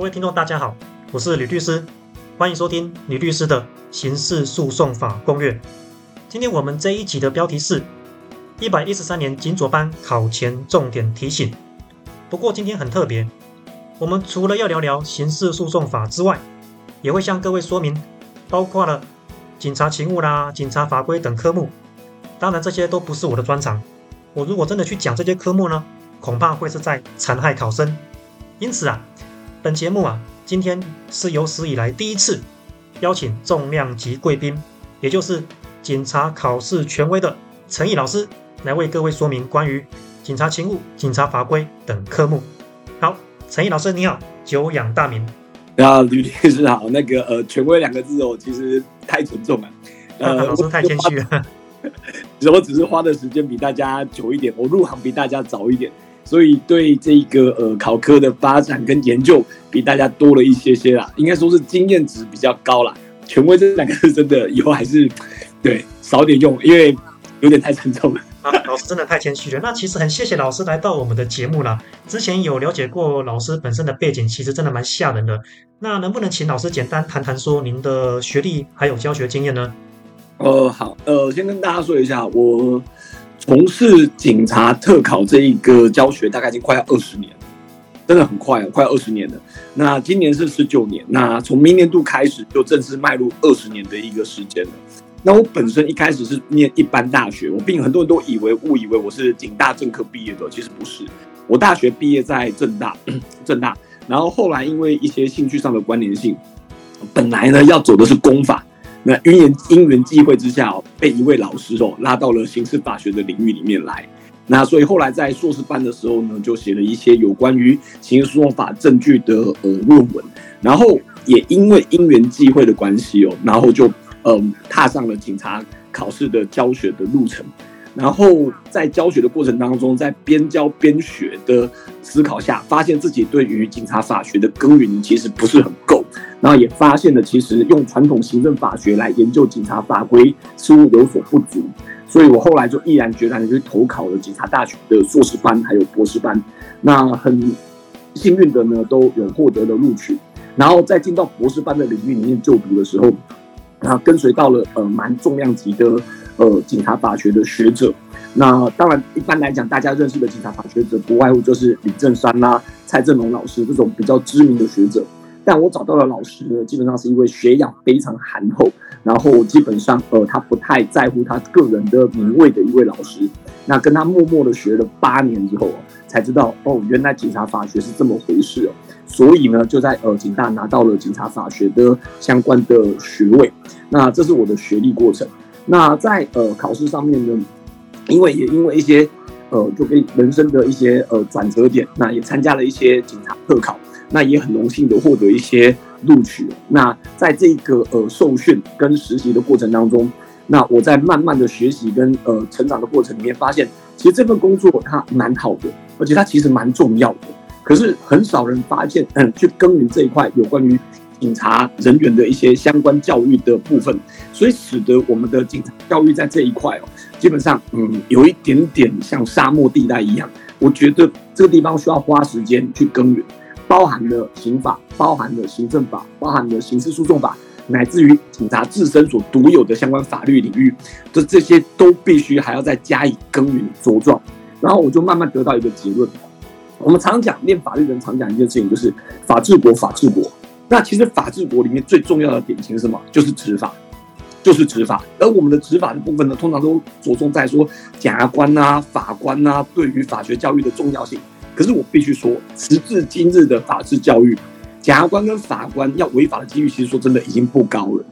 各位聽眾，大家好，我是呂律師，歡迎收聽呂律師的《刑事訴訟法攻略》。今天我們這一集的標題是「一百一十三年警佐班考前重點提醒」。不過今天很特別，我們除了要聊聊刑事訴訟法之外，也會向各位說明，包括了警察勤務啦、警察法規等科目。當然這些都不是我的專長，我如果真的去講這些科目呢，恐怕會是在殘害考生。因此啊。本節目啊，今天是有史以來第一次邀請重量級貴賓，也就是警察考試權威的程譯老師，來為各位說明關於警察勤務、警察法規等科目。好，程譯老師你好，久仰大名。啊、呃，呂律師好，那個呃，權威兩個字哦，其實太沉重了。呃、啊，老師、呃、太謙虛了。其實我只是花的時間比大家久一點，我入行比大家早一點。所以對這個呃考科的發展跟研究比大家多了一些些啦，應該說是經驗值比較高啦。權威這兩個字真的以後還是對少點用，因為有點太沉重了。啊，老師真的太謙虛了。 那其實很謝謝老師來到我們的節目啦。之前有了解過老師本身的背景，其實真的蠻嚇人的。那能不能請老師簡單談談說您的學歷還有教學經驗呢？呃，好，呃，先跟大家說一下我。從事警察特考這一個教學，大概已經快要二十年了，真的很快，很快二十年了。那今年是十九年，那從明年度開始就正式邁入二十年的一個時間了。那我本身一開始是念一般大學，我並很多人都以為誤以為我是警大正科畢業的，其實不是。我大學畢業在政大、嗯，政大，然後後來因為一些興趣上的關聯性，本來呢要走的是公法。那因緣因緣際會之下哦，被一位老師哦拉到了刑事法學的領域裡面來。那所以後來在碩士班的時候呢，就寫了一些有關於刑事訴訟法證據的呃論文。然後也因為因緣際會的關係哦，然後就嗯、呃、踏上了警察考試的教學的路程。然後在教學的過程當中，在邊教邊學的思考下，發現自己對於警察法學的耕耘其實不是很夠。然後也發現了，其實用傳統行政法學來研究警察法規似乎有所不足，所以我後來就毅然決然的去投考了警察大學的碩士班，還有博士班。那很幸運的呢，都有獲得了錄取。然後在進到博士班的領域裡面就讀的時候，那、啊、跟隨到了呃蠻重量級的呃警察法學的學者。那當然，一般來講大家認識的警察法學者，不外乎就是李震山吶、啊、蔡震榮老師這種比較知名的學者。但我找到的老師呢，基本上是一位學養非常含厚，然後基本上呃，他不太在乎他個人的名位的一位老師。那跟他默默的學了八年之後、啊、才知道哦，原來警察法學是這麼回事哦、啊。所以呢，就在呃警大拿到了警察法學的相關的學位。那這是我的學歷過程。那在呃考試上面呢，因為也因為一些呃，就跟人生的一些呃轉折點，那也參加了一些警察特考。那也很榮幸的獲得一些錄取。那在這個呃受訓跟實習的過程當中，那我在慢慢的學習跟呃成長的過程裡面，發現其實這份工作它蠻好的，而且它其實蠻重要的。可是很少人發現，嗯，去耕耘這一塊有關於警察人員的一些相關教育的部分，所以使得我們的警察教育在這一塊哦，基本上嗯有一點點像沙漠地帶一樣。我覺得這個地方需要花時間去耕耘。包含了刑法，包含了行政法，包含了刑事訴訟法，乃至於警察自身所獨有的相關法律領域的這些，都必須還要再加以耕耘茁壯。然後我就慢慢得到一個結論：我們常講，念法律人常講一件事情，就是法治國，法治國。那其實法治國裡面最重要的典型是什麼？就是執法，就是執法。而我們的執法的部分呢，通常都着重在說檢察官啊、法官啊，對於法學教育的重要性。可是我必須說，時至今日的法治教育，檢察官跟法官要違法的幾率，其實說真的已經不高了。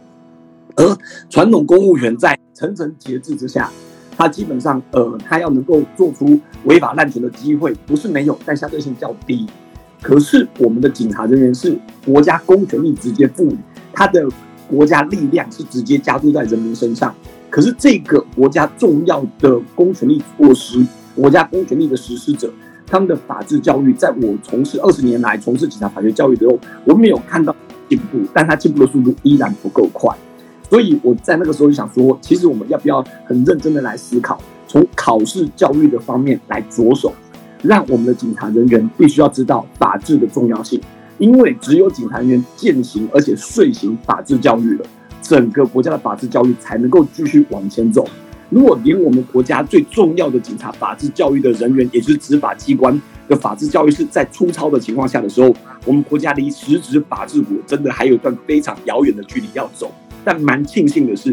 而傳統公務員在層層節制之下，他基本上呃，他要能夠做出違法濫權的機會，不是沒有，但相對性較低。可是我們的警察人員是國家公權力直接賦予，他的國家力量是直接加注在人民身上。可是這個國家重要的公權力措施，國家公權力的實施者。他們的法治教育，在我從事二十年來從事警察法學教育的時候，我沒有看到進步，但他進步的速度依然不夠快。所以我在那個時候就想說，其實我們要不要很認真的來思考，從考試教育的方面來着手，讓我們的警察人員必須要知道法治的重要性，因為只有警察人員踐行而且遂行法治教育了，整個國家的法治教育才能夠繼續往前走。如果連我們國家最重要的警察法治教育的人員，也就是執法機關的法治教育是在粗糙的情況下的時候，我們國家離實質法治國真的還有一段非常遙遠的距離要走。但蠻慶幸的是，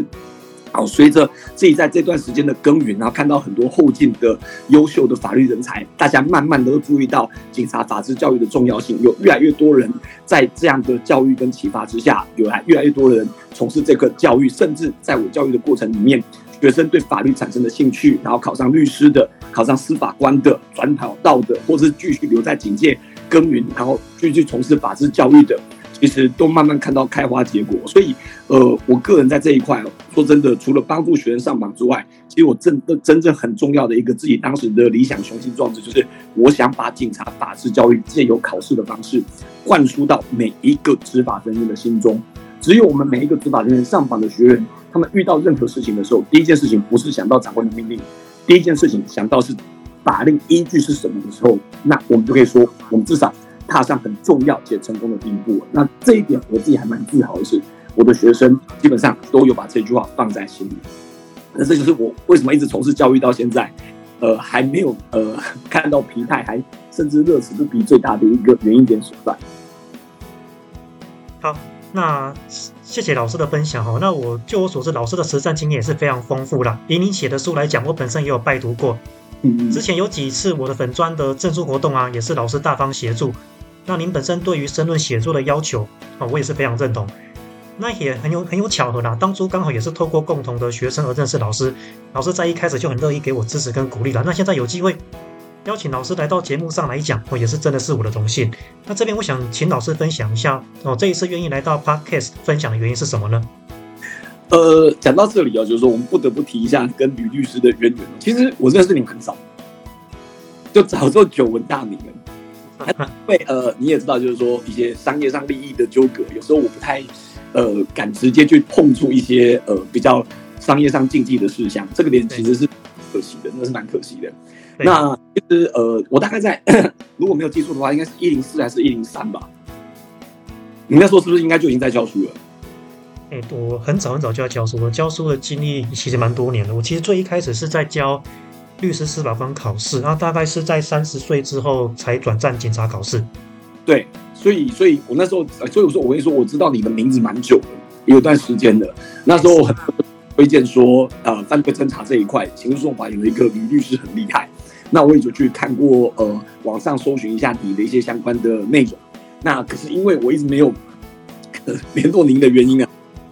哦，隨着自己在這段時間的耕耘，然後看到很多後進的優秀的法律人才，大家慢慢都注意到警察法治教育的重要性，有越來越多人在這樣的教育跟啟發之下，有來越來越多的人從事這個教育，甚至在我教育的過程裡面。學生對法律產生的興趣，然後考上律師的、考上司法官的、轉跑道的，或是繼續留在警界耕耘，然後繼續從事法治教育的，其實都慢慢看到開花結果。所以，呃，我個人在這一塊，說真的，除了幫助學生上榜之外，其實我真的真正很重要的一個自己當時的理想雄心壯志，就是我想把警察法治教育藉由考試的方式灌輸到每一個執法人員的心中。只有我們每一個執法人員上榜的學員。他們遇到任何事情的時候，第一件事情不是想到長官的命令，第一件事情想到是，法令依據是什麼的時候，那我們就可以說，我們至少踏上很重要且成功的第一步。那這一點我自己還蠻自豪的是，我的學生基本上都有把這句話放在心裡。那這就是我為什麼一直從事教育到現在，呃，還沒有呃看到疲態，還甚至樂此不疲最大的一個原因點所在。好。啊那謝謝老師的分享哈。那我就我所知，老師的實戰經驗也是非常豐富的。以您寫的書來講，我本身也有拜讀過。嗯嗯。之前有幾次我的粉專的贈書活動啊，也是老師大方協助。那您本身對於申論寫作的要求啊，我也是非常認同。那也很有很有巧合啦，當初剛好也是透過共同的學生而認識老師，老師在一開始就很樂意給我支持跟鼓勵了。那現在有機會。邀請老師來到節目上來講，我也是真的是我的榮幸。那這邊我想請老師分享一下，哦，這一次願意來到 Podcast 分享的原因是什麼呢？呃，講到這裡哦，就是說我們不得不提一下跟呂律師的淵源，源。其實我認識你們很少，就早做久聞大名了。啊、哈因為呃，你也知道，就是說一些商業上利益的糾葛，有時候我不太呃敢直接去碰觸一些呃比較商業上禁忌的事項。這個點其實是可惜的，對那是蠻可惜的。對那其、就、實、是、呃，我大概在如果沒有記錯的話，應該是一零四還是一零三吧？你那時候是不是應該就已經在教書了？哎、欸，我很早很早就在教書，了，教書的經歷其實蠻多年了。我其實最一開始是在教律師司法官考試，然後大概是在三十歲之後才轉戰警察考試。對，所以所以我那時候，所以我說我跟你說我知道你的名字蠻久了，有段時間了。那時候我很推薦說，呃，犯罪偵查這一塊，刑事訴訟法有一個律師很厲害。那我也就去看過，呃，網上搜尋一下你的一些相關的內容。那可是因為我一直沒有聯絡您的原因呢，啊，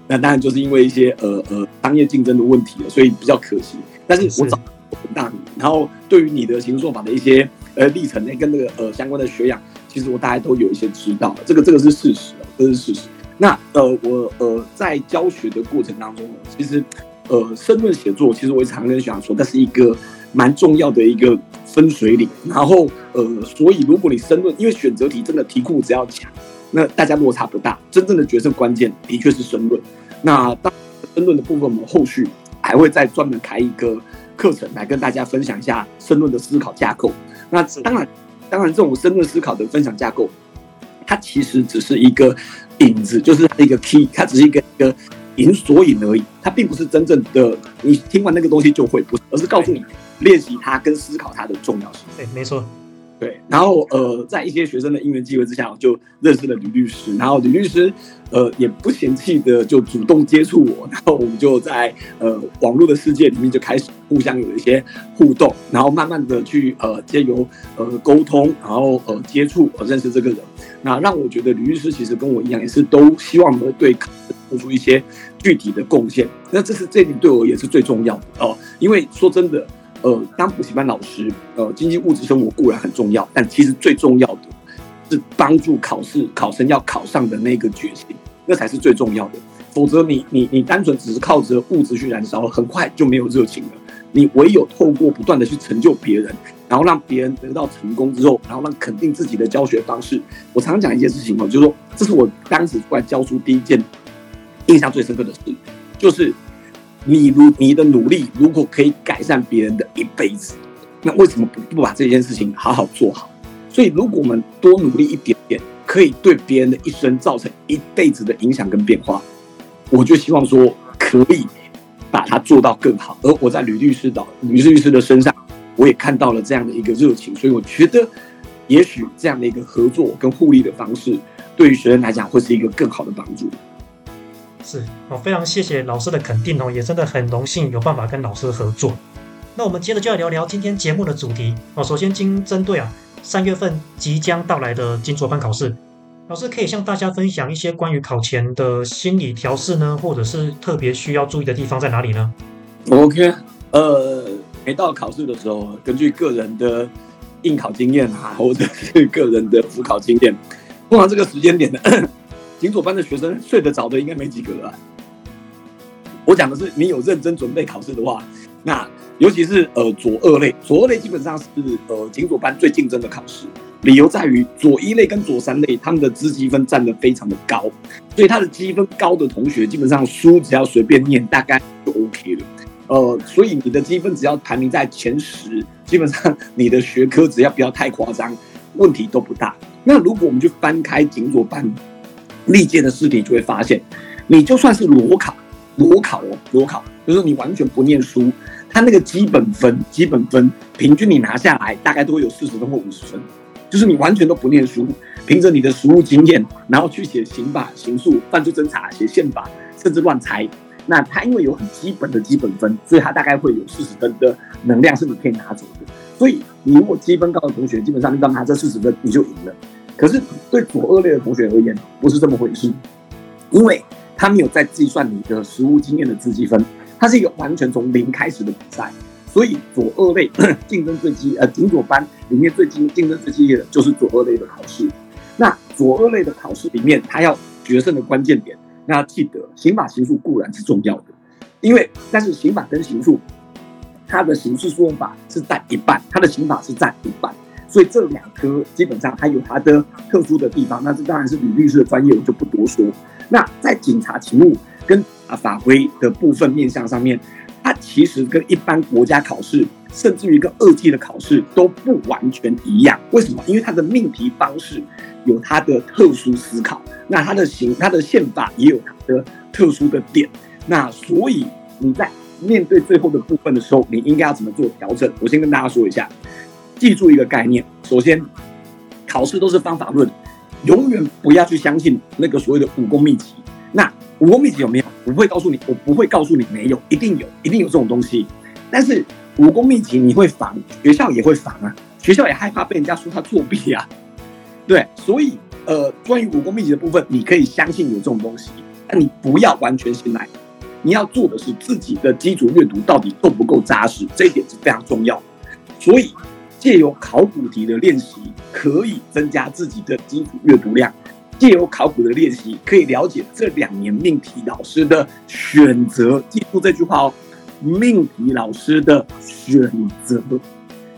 那當然就是因為一些呃呃商業競爭的問題了，所以比較可惜。但是我找到很大你，是然後對於你的行作法的一些呃歷程，呢，跟那個呃相關的學養，其實我大概都有一些知道，這個這個是事實哦，這是事實。那呃我呃在教學的過程當中，其實呃申論寫作，其實我也常跟學生說，但是一個。蠻重要的一個分水嶺，然後呃，所以如果你申論，因為選擇題真的題庫只要強，那大家落差不大。真正的決勝關鍵的確是申論。那當申論的部分，我們後續還會再專門開一個課程來跟大家分享一下申論的思考架構。那當然，當然這種申論思考的分享架構，它其實只是一個影子，就是一個 key，它只是一個。一個引所以而已，它並不是真正的。你聽完那個東西就會，不是，而是告訴你練習它跟思考它的重要性。對，沒錯。對，然後呃，在一些學生的因緣機會之下，我就認識了呂律師。然後呂律師呃也不嫌棄的就主動接觸我，然後我們就在呃網絡的世界裡面就開始互相有一些互動，然後慢慢的去呃借由呃溝通，然後呃接觸，我認識這個人。那讓我覺得呂律師其實跟我一樣，也是都希望能夠對抗。付出一些具體的貢獻，那這是這點對我也是最重要的哦，呃。因為說真的，呃，當補習班老師，呃，經濟物質生活固然很重要，但其實最重要的是幫助考試考生要考上的那個決心，那才是最重要的。否則，你你你單純只是靠着物質去燃燒，很快就沒有熱情了。你唯有透過不斷的去成就別人，然後讓別人得到成功之後，然後讓肯定自己的教學方式。我常常講一件事情哦，就是說，這是我當時出來教書第一件。印象最深刻的是，就是，你如你的努力，如果可以改善別人的一輩子，那為什麼不不把這件事情好好做好？所以，如果我們多努力一點點，可以對別人的一生造成一輩子的影響跟變化，我就希望說可以把它做到更好。而我在呂律師的，呂律師的身上，我也看到了這樣的一個熱情，所以我覺得，也許這樣的一個合作跟互利的方式，對於學生來講，會是一個更好的幫助。是我非常謝謝老師的肯定哦，也真的很榮幸有辦法跟老師合作。那我們接着就要聊聊今天節目的主題哦。首先，經針對啊三月份即將到來的警佐班考試，老師可以向大家分享一些關於考前的心理調試呢，或者是特別需要注意的地方在哪裡呢？OK，呃，每到考試的時候，根據個人的應考經驗啊，或者是個人的輔考經驗，通常這個時間點呢。警佐班的學生睡得早的應該沒幾個了，我講的是，你有認真準備考試的話，那尤其是呃左二類，左二類基本上是呃警佐班最競爭的考試。理由在於左一類跟左三類他們的資積分佔得非常的高，所以他的積分高的同學基本上書只要隨便念大概就 OK 了。呃，所以你的積分只要排名在前十，基本上你的學科只要不要太誇張，問題都不大。那如果我們去翻開警佐班。歷屆的試題就會發現，你就算是裸考，裸考哦，裸考，就是你完全不念書，他那個基本分，基本分平均你拿下來大概都會有四十分或五十分，就是你完全都不念書，憑着你的實務經驗，然後去寫刑法、刑訴、犯罪偵查、寫憲法，甚至亂猜，那他因為有很基本的基本分，所以他大概會有四十分的能量是你可以拿走的，所以你如果積分高的同學，基本上你剛拿這四十分，你就贏了。可是對佐二類的同學而言，不是這麼回事，因為他沒有在計算你的實務經驗的資績分，它是一個完全從零開始的比賽，所以佐二類競 爭最激烈，呃，警佐班裡面最激競爭最激烈的，就是佐二類的考試。那佐二類的考試裡面，他要決勝的關鍵點，那要記得刑法刑訴固然是重要的，因為但是刑法跟刑訴，它的刑事訴訟法是佔一半，它的刑法是佔一半。所以這兩科基本上還有它的特殊的地方，那這當然是呂律師的專業，我就不多說。那在警察勤務跟啊法規的部分面向上面，它其實跟一般國家考試，甚至於一個二級的考試都不完全一樣。為什麼？因為它的命題方式有它的特殊思考，那它的刑它的憲法也有它的特殊的點。那所以你在面對最後的部分的時候，你應該要怎麼做調整？我先跟大家說一下。記住一個概念：首先，考試都是方法論，永遠不要去相信那個所謂的武功秘籍。那武功秘籍有沒有？我不會告訴你，我不會告訴你沒有，一定有，一定有這種東西。但是武功秘籍你會防，學校也會防啊，學校也害怕被人家說他作弊啊。對，所以呃，關於武功秘籍的部分，你可以相信有這種東西，但你不要完全信賴。你要做的是自己的基礎閱讀到底夠不夠紮實，這一點是非常重要的。所以。借由考古題的練習，可以增加自己的基礎閱讀量；借由考古的練習，可以了解這兩年命題老師的選擇。記住這句話哦，命題老師的選擇，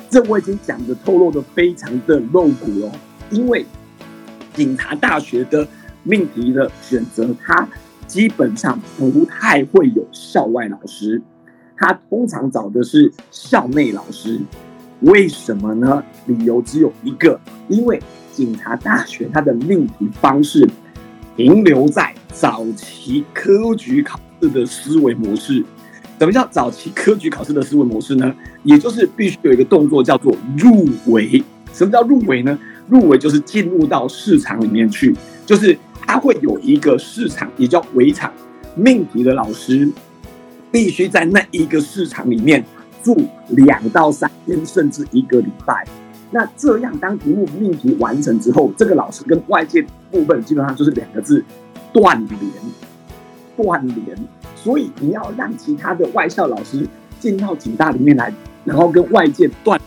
這我已經講的透露的非常的露骨了，哦。因為警察大學的命題的選擇，它基本上不太會有校外老師，它通常找的是校內老師。為什麼呢？理由只有一個，因為警察大學它的命題方式停留在早期科舉考試的思維模式。什麼叫早期科舉考試的思維模式呢？也就是必須有一個動作叫做入闈。什麼叫入闈呢？入闈就是進入到試場裡面去，就是它會有一個試場，也叫闈場。命題的老師必須在那一個試場裡面，住兩到三天，甚至一個禮拜。那這樣，當題目命題完成之後，這個老師跟外界部分基本上就是兩個字：斷聯。斷聯。所以你要讓其他的外校老師進到警大裡面來，然後跟外界斷，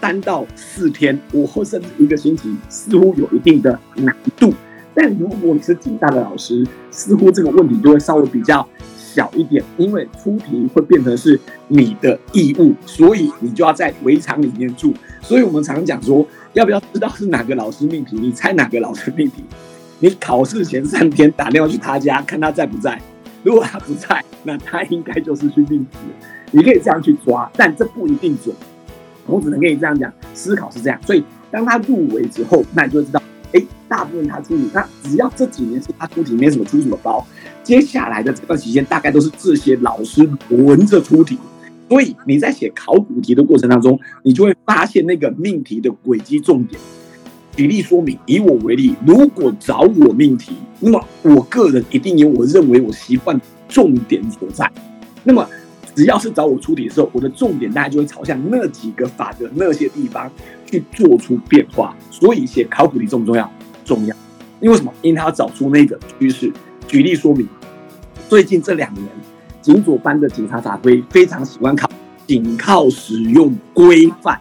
三到四天，或甚至一個星期，似乎有一定的難度。但如果你是警大的老師，似乎這個問題就會稍微比較。小一點，因為出題會變成是你的義務，所以你就要在圍場裡面住。所以我們常講說，要不要知道是哪個老師命題？你猜哪個老師命題？你考試前三天打電話去他家，看他在不在。如果他不在，那他應該就是去命題。你可以這樣去抓，但這不一定準。我只能跟你這樣講，思考是這樣。所以當他入圍之後，那你就知道。誒、欸，大部分他出題，那只要這幾年是他出題，沒什麼出什麼包。接下來的這段期間，大概都是這些老師輪着出題。所以你在寫考古題的過程當中，你就會發現那個命題的軌跡、重點、舉例說明。以我為例，如果找我命題，那麼我個人一定有我認為我習慣重點所在。那麼。只要是找我出題的時候，我的重點大家就會朝向那幾個法則，那些地方去做出變化。所以寫考古題重不重要？重要。因為什麼？因為他要找出那個趨勢。舉例說明，最近這兩年，警佐班的警察法規非常喜歡考，僅靠使用規範，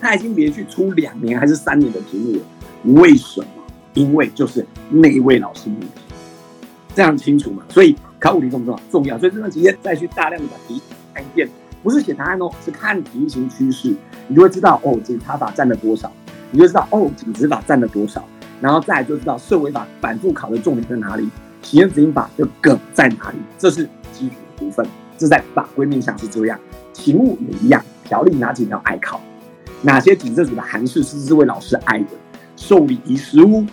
他已經連續出兩年還是三年的題目了。為什麼？因為就是那一位老師目的這樣清楚嘛。所以。考古題重不重要？重要，所以這段時間再去大量的把題看一遍，不是寫答案哦，是看題型趨勢，你就會知道哦，警察法占了多少，你就知道哦，警職法占了多少，然後再來就知道社維法反覆考的重點在哪裡，行政執行法的梗在哪裡，這是基礎部分，這在法規面上是這樣，實務也一樣，條例哪幾條愛考，哪些警職的函釋是這位老師愛的，受理遺失物、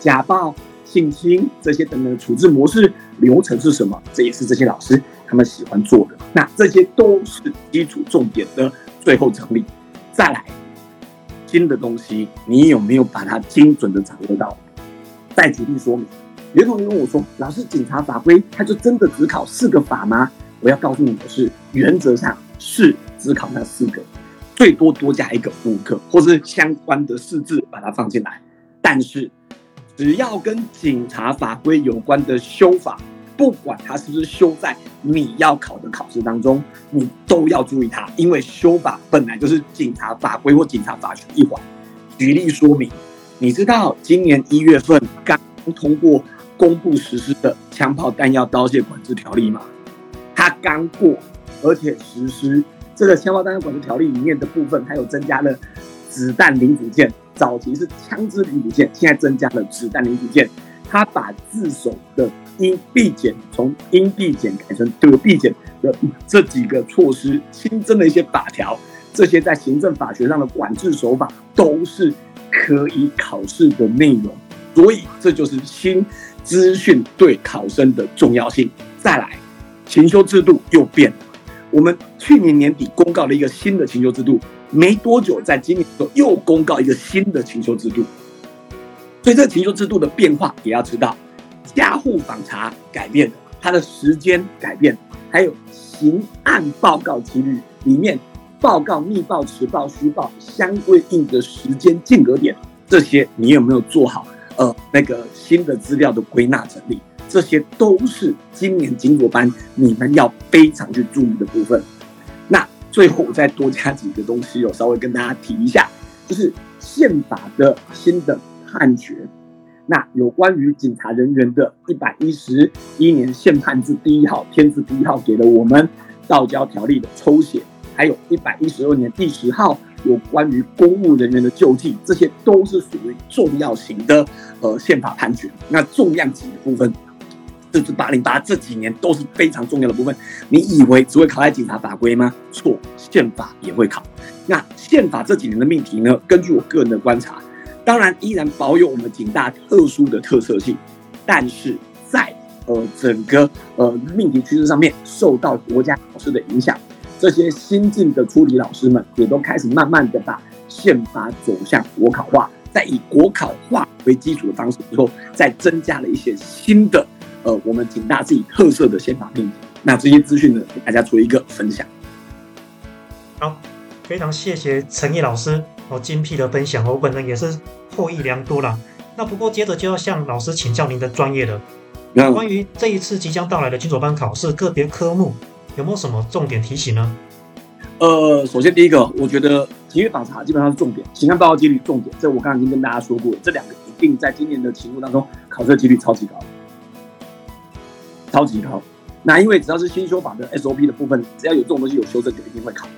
假報。信心這些等等的處置模式流程是什麼？這也是這些老師他們喜歡做的。那這些都是基礎重點的最後整理。再來，新的東西你有沒有把它精準的掌握到？再舉例說明，有同學問我說：“老師，警察法規它就真的只考四個法嗎？”我要告訴你的是，原則上是只考那四個，最多多加一個五個，或是相關的釋字把它放進來，但是。只要跟警察法規有關的修法，不管它是不是修在你要考的考試當中，你都要注意它，因為修法本來就是警察法規或警察法權一環。舉例說明，你知道今年一月份剛通過、公布實施的《槍炮彈藥刀械管制條例》嗎？它剛過，而且實施這個《槍炮彈藥管制條例》裡面的部分，它有增加了。子彈零組件早期是槍支零組件，現在增加了子彈零組件。他把自首的應必減從應必減改成得必減的這幾個措施，新增的一些法條，這些在行政法學上的管制手法都是可以考試的內容。所以這就是新資訊對考生的重要性。再來，勤休制度又變了。我們去年年底公告了一個新的勤休制度。沒多久，在今年的時候又公告一個新的勤休制度，所以這個勤休制度的變化也要知道。家戶訪查改變它的時間改變，還有刑案報告幾率裡面報告密報、遲報、虛報相對應的時間間隔點，這些你有沒有做好？呃，那個新的資料的歸納整理，這些都是今年警佐班你們要非常去注意的部分。最後我再多加幾個東西，我稍微跟大家提一下，就是憲法的新的判決，那有關於警察人員的111年憲判字第一號、天字第一號，給了我們道交條例的抽血，還有一百一十二年第十號有關於公務人員的救濟，這些都是屬於重要型的呃憲法判決，那重量級的部分。這是八零八這幾年都是非常重要的部分。你以為只會考在警察法規嗎？錯，憲法也會考。那憲法這幾年的命題呢？根據我個人的觀察，當然依然保有我們警大特殊的特色性，但是在呃整個呃命題趨勢上面，受到國家考試的影響，這些新進的出題老師們也都開始慢慢的把憲法走向國考化，在以國考化為基礎的方式之後，再增加了一些新的。呃，我們挺大自己特色的憲法命題，那這些資訊呢，給大家做一個分享。好，非常謝謝程譯老師哦，精闢的分享，我本人也是獲益良多啦。那不過接着就要向老師請教您的專業了，有關於這一次即將到來的警佐班考試，個別科目有沒有什麼重點提醒呢？呃，首先第一個，我覺得體育法查基本上是重點，刑案報告幾率重點，這我剛剛已經跟大家說過了，這兩個一定在今年的題目當中考試的幾率超級高的。超級高，那因為只要是新修法的 SOP 的部分，只要有這種東西有修正，就一定會考。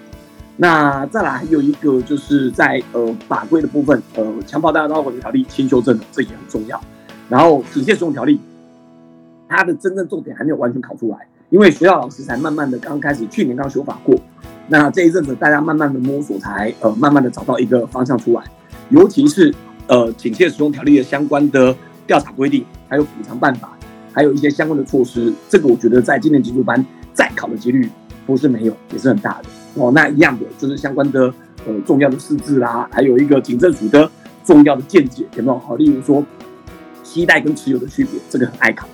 那再來還有一個，就是在呃法規的部分，呃槍砲彈藥刀械條例新修正、哦、這也很重要。然後警械使用條例，它的真正重點還沒有完全考出來，因為學校老師才慢慢的剛開始，去年剛修法過，那這一陣子大家慢慢的摸索才，才呃慢慢的找到一個方向出來。尤其是呃警械使用條例的相關的調查規定，還有補償辦法。還有一些相關的措施。這個我覺得在今年基礎班再考的幾率不是沒有，也是很大的哦。那一樣的就是相關的呃重要的事字啦，還有一個警政署的重要的見解有沒有？好、哦，例如說，攜帶跟持有的區別，這個很愛考。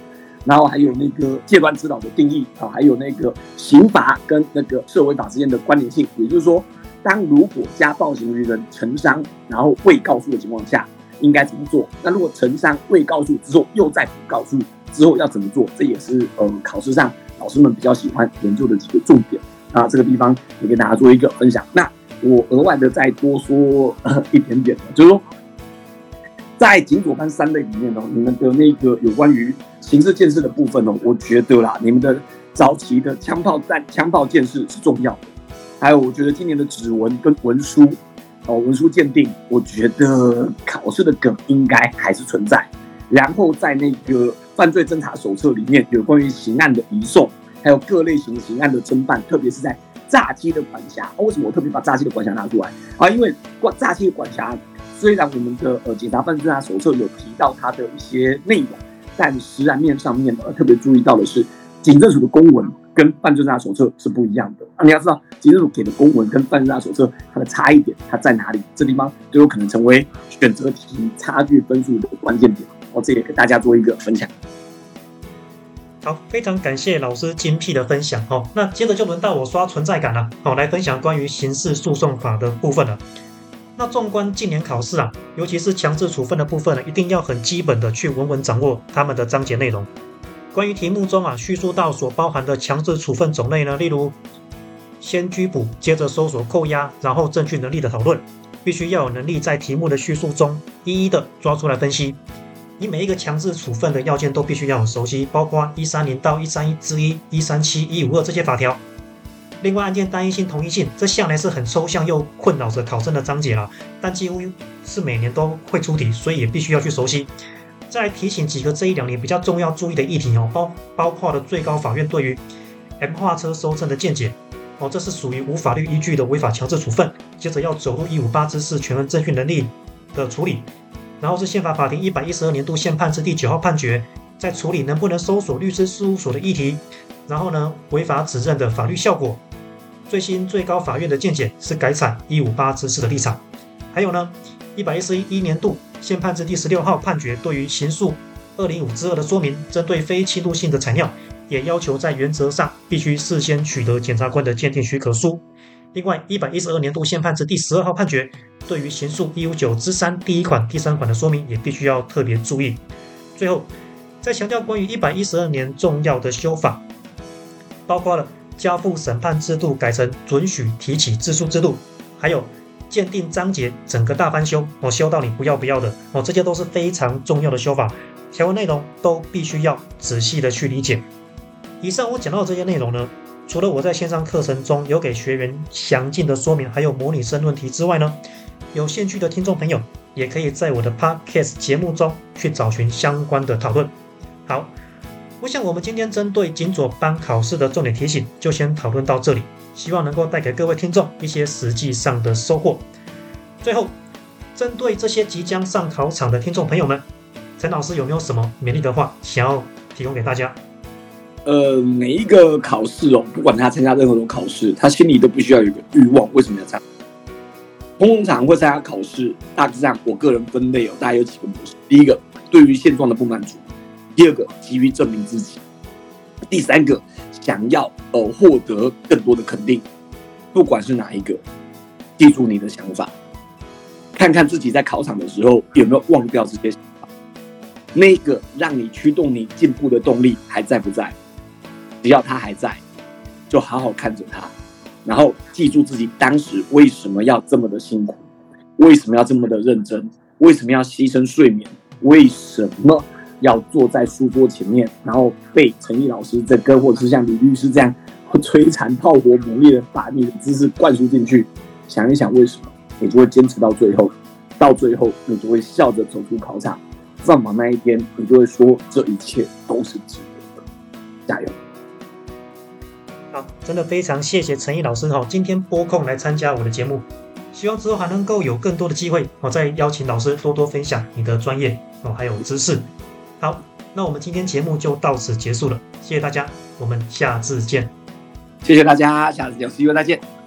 然後還有那個介觀指導的定義啊、哦，還有那個刑罰跟那個社維法之間的關聯性，也就是說，當如果家暴行為人，成傷然後未告訴的情況下，應該怎麼做？那如果成傷未告訴，之後又再不告訴？之後要怎麼做？這也是呃考試上老師們比較喜歡研究的幾個重點。那這個地方也給大家做一個分享。那我額外的再多說、呃、一點點就是說，在警佐班三類裡面呢、哦，你們的那個有關於刑事鑑識的部分呢、哦，我覺得啦，你們的早期的槍炮戰槍砲鑑識是重要的。還有，我覺得今年的指紋跟文書哦，文書鑑定，我覺得考試的梗應該還是存在。然後在那個。犯罪偵查手冊裡面有關於刑案的移送，還有各類型的刑案的偵辦，特別是在詐欺的管轄、哦。為什麼我特別把詐欺的管轄拿出來？啊，因為詐欺的管轄雖然我們的呃警察犯罪偵查手冊有提到它的一些內容，但實然面上面，呃，特別注意到的是，警政署的公文跟犯罪偵查手冊是不一樣的、啊。你要知道，警政署給的公文跟犯罪偵查手冊它的差異點，它在哪裡？這地方都有可能成為選擇題差距分數的關鍵點。我自己跟大家做一個分享。好，非常感謝老師精闢的分享、哦。好，那接着就輪到我刷存在感了。好、哦，來分享關於刑事訴訟法的部分了。那縱觀近年考試啊，尤其是強制處分的部分呢，一定要很基本的去穩穩掌握他們的章節內容。關於題目中啊敘述到所包含的強制處分種類呢，例如先拘捕，接着搜索、扣押，然後證據能力的討論，必須要有能力在題目的敘述中一一的抓出來分析。你每一個強制處分的要件都必須要很熟悉，包括一三零到一三一之一、一三七、一五二這些法條。另外，案件單一性、同一性，這向來是很抽象又困擾着考生的章節了、啊，但幾乎是每年都會出題，所以也必須要去熟悉。再提醒幾個這一兩年比較重要注意的議題哦，包包括了最高法院對於 M 化車收證的見解哦，這是屬於無法律依據的違法強制處分。接着要走入一五八之四全文證據能力的處理。然後是憲法法庭一百一十二年度憲判字第九號判決，在處理能不能搜索律師事務所的議題。然後呢，違法指認的法律效果，最新最高法院的見解是改採一五八之四的立場。還有呢，一百一十一年度憲判字第十六號判決對於刑訴二零五之二的說明，針對非侵入性的採尿，也要求在原則上必須事先取得檢察官的鑑定許可書。另外，一百一十二年度憲判字第十二號判決，對於刑訴一五九之三第一款、第三款的說明也必須要特別注意。最後，再強調關於一百一十二年重要的修法，包括了交付審判制度改成准許提起自訴制度，還有鑑定章節整個大翻修，我修到你不要不要的哦，這些都是非常重要的修法，條文內容都必須要仔細的去理解。以上我講到的這些內容呢。除了我在線上課程中有給學員詳盡的說明，還有模擬申論題之外呢，有興趣的聽眾朋友也可以在我的 podcast 節目中去找尋相關的討論。好，我想我們今天針對警佐班考試的重點提醒就先討論到這裡，希望能夠帶給各位聽眾一些實際上的收穫。最後，針對這些即將上考場的聽眾朋友們，程老師有沒有什麼勉勵的話想要提供給大家？呃，每一個考試哦，不管他參加任何種考試，他心裡都必須要有個慾望，為什麼要參加？通常會參加考試，大致上我個人分類哦，大概有幾個模式：第一個，對於現狀的不滿足；第二個，急於證明自己；第三個，想要呃獲得更多的肯定。不管是哪一個，記住你的想法，看看自己在考場的時候有沒有忘掉這些想法，那個讓你驅動你進步的動力還在不在？只要他還在，就好好看着他，然後記住自己當時為什麼要這麼的辛苦，為什麼要這麼的認真，為什麼要犧牲睡眠，為什麼要坐在書桌前面，然後被程譯老師在跟，或者是像呂律師這樣摧殘炮火猛烈的把你的知識灌輸進去，想一想為什麼，你就會堅持到最後，到最後你就會笑着走出考場，放榜那一天，你就會說這一切都是值得的，加油！好，真的非常謝謝程譯老師哈，今天撥空來參加我的節目，希望之後還能夠有更多的機會，我再邀請老師多多分享你的專業哦，還有知識。好，那我們今天節目就到此結束了，謝謝大家，我們下次見。謝謝大家，下次有時間再見。